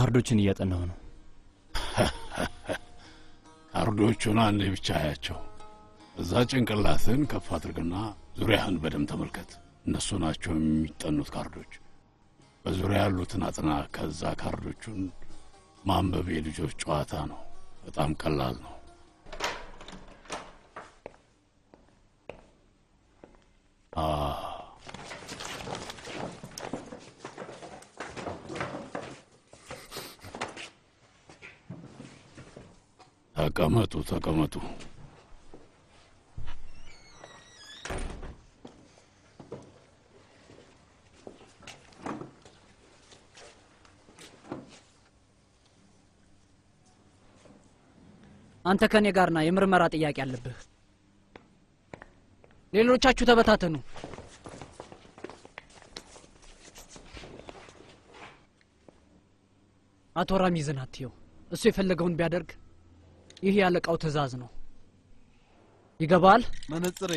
ካርዶችን እያጠናው ነው። ካርዶቹን አንዴ ብቻ አያቸው እዛ ጭንቅላትን ከፍ አድርግና ዙሪያህን በደንብ ተመልከት። እነሱ ናቸው የሚጠኑት ካርዶች። በዙሪያ ያሉትን አጥና። ከዛ ካርዶቹን ማንበብ የልጆች ጨዋታ ነው። በጣም ቀላል ነው። አዎ ተቀመጡ፣ ተቀመጡ። አንተ ከእኔ ጋርና የምርመራ ጥያቄ አለብህ። ሌሎቻችሁ ተበታተኑ። አቶ ራሚዝን አትየው። እሱ የፈለገውን ቢያደርግ ይህ ያለቃው ትዕዛዝ ነው። ይገባል? መነጽሬ